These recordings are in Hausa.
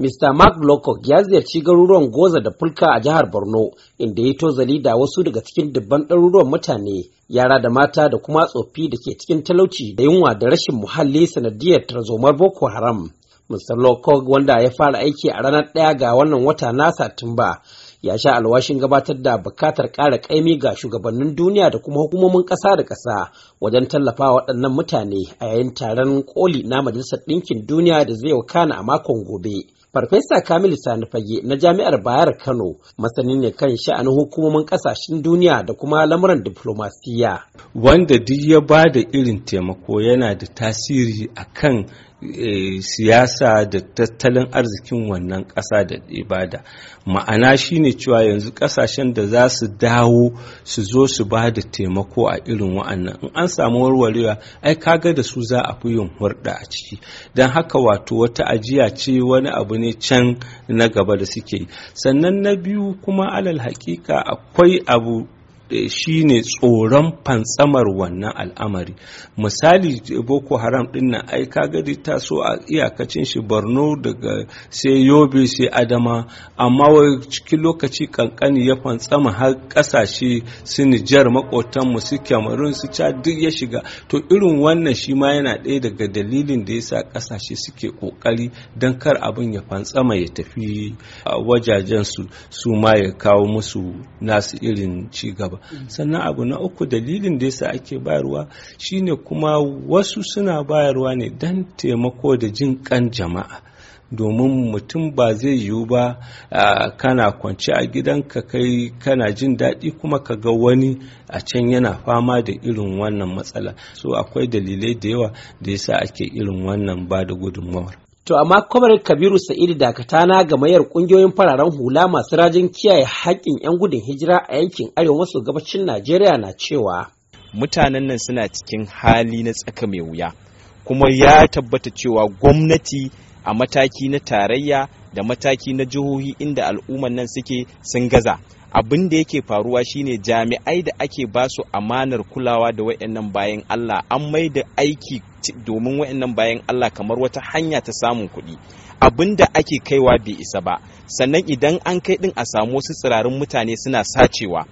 Mr. Mark Lowcock ya ziyarci garuruwan Goza da Fulka a jihar Borno inda ya tozali da wasu daga cikin dubban ɗaruruwan mutane, yara da mata da kuma tsofi da ke cikin talauci da yunwa da rashin muhalli sanadiyar tarzomar Boko Haram. Mr. Lowcock wanda ya fara aiki a ranar ɗaya ga wannan wata na Satumba ya sha alwashin gabatar da bukatar ƙara ƙaimi ga shugabannin duniya da kuma hukumomin ƙasa da ƙasa wajen tallafa waɗannan mutane a yayin taron koli na Majalisar Ɗinkin Duniya da zai wakana a makon gobe. Farfesa Kamilu Sani Fage na Jami'ar Bayar Kano masani ne kan sha'anin hukumomin ƙasashen duniya da kuma lamuran diplomasiya. Wanda duk ya ba da irin taimako yana da tasiri akan E, eh, siyasa da tattalin arzikin wannan ƙasa da ibada ma'ana shine cewa yanzu ƙasashen da za su dawo su zo su ba da taimako a irin wa'annan in an samu warwarewa ai kaga da su za a fi yin hurɗa a ciki don haka wato wata ajiya ce wani abu ne can na gaba da suke sannan na biyu kuma alal hakika akwai abu shine tsoron fantsamar wannan al'amari misali boko haram din nan ai kaga ta so a iyakacin shi borno daga sai yobe sai adama amma cikin lokaci kankani ya fantsama har kasashe su nijar mu su cameroon su ca duk ya shiga to irin wannan shi ma yana ɗaya daga dalilin da yasa kasashe suke kokari don kar abin ya fantsama ya tafi wajajen su ma ya kawo musu nasu irin ci gaba sannan abu na uku dalilin da yasa ake bayarwa shine kuma wasu suna bayarwa ne don taimako da jin kan jama'a domin mutum ba zai yiwu ba kana kwanci a gidan ka kai kana jin daɗi kuma ka ga wani a can yana fama da irin wannan matsala so akwai dalilai da yawa da yasa ake irin wannan ba da gudunmawar To amma kwamar Kabiru Sa'idu dakata na mayar kungiyoyin fararen hula masu rajin kiyaye haƙƙin 'yan gudun hijira a yankin arewa maso gabacin Najeriya na cewa. Mutanen nan suna cikin hali na tsaka mai wuya, kuma ya tabbata cewa gwamnati a mataki na tarayya da mataki na jihohi inda al'umman nan suke sun gaza. abin da yake faruwa shine jami'ai da ake su amanar kulawa da wayannan bayan Allah an mai da aiki domin wayannan bayan Allah kamar wata hanya ta samun kuɗi abin da ake kaiwa bai isa ba sannan idan an kai din a samu wasu tsirarin mutane suna sacewa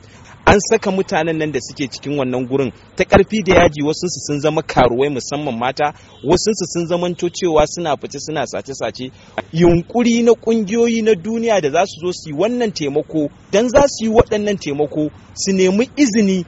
an saka mutanen nan da suke cikin wannan gurin ta karfi da yaji wasu su sun zama karuwai musamman mata wasu su sun zamanto cewa suna fice suna sace-sace yunkuri na kungiyoyi na duniya da za su zo su yi wannan taimako don za su yi waɗannan taimako su nemi izini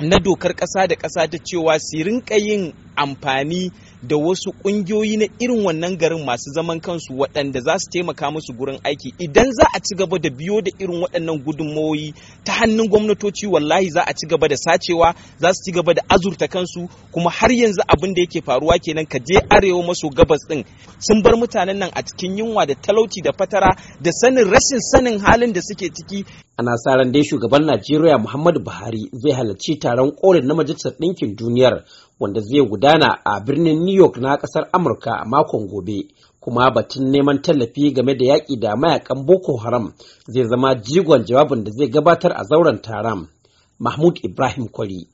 na dokar ƙasa da ƙasa ta cewa su rinka yin amfani da wasu kungiyoyi na irin wannan garin masu zaman kansu waɗanda za su taimaka musu gurin aiki idan za a ci gaba da biyo da irin waɗannan gudunmawoyi ta hannun gwamnatoci wallahi za a ci gaba da sacewa za su ci gaba da azurta kansu kuma har yanzu abin da yake faruwa kenan ka je arewa maso gabas ɗin. sun bar mutanen nan a cikin yunwa da talauci da fatara da sanin rashin sanin halin da suke ciki ana sa ran dai shugaban najeriya muhammadu buhari zai halarci taron korin na majalisar ɗinkin duniyar wanda zai gudana a birnin new york na ƙasar amurka a makon gobe kuma batun neman tallafi game da yaƙi da mayakan boko haram zai zama jigon jawabin da zai gabatar a zauren taron mahmud ibrahim kwari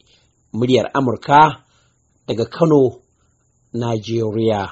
muryar amurka daga kano najeriya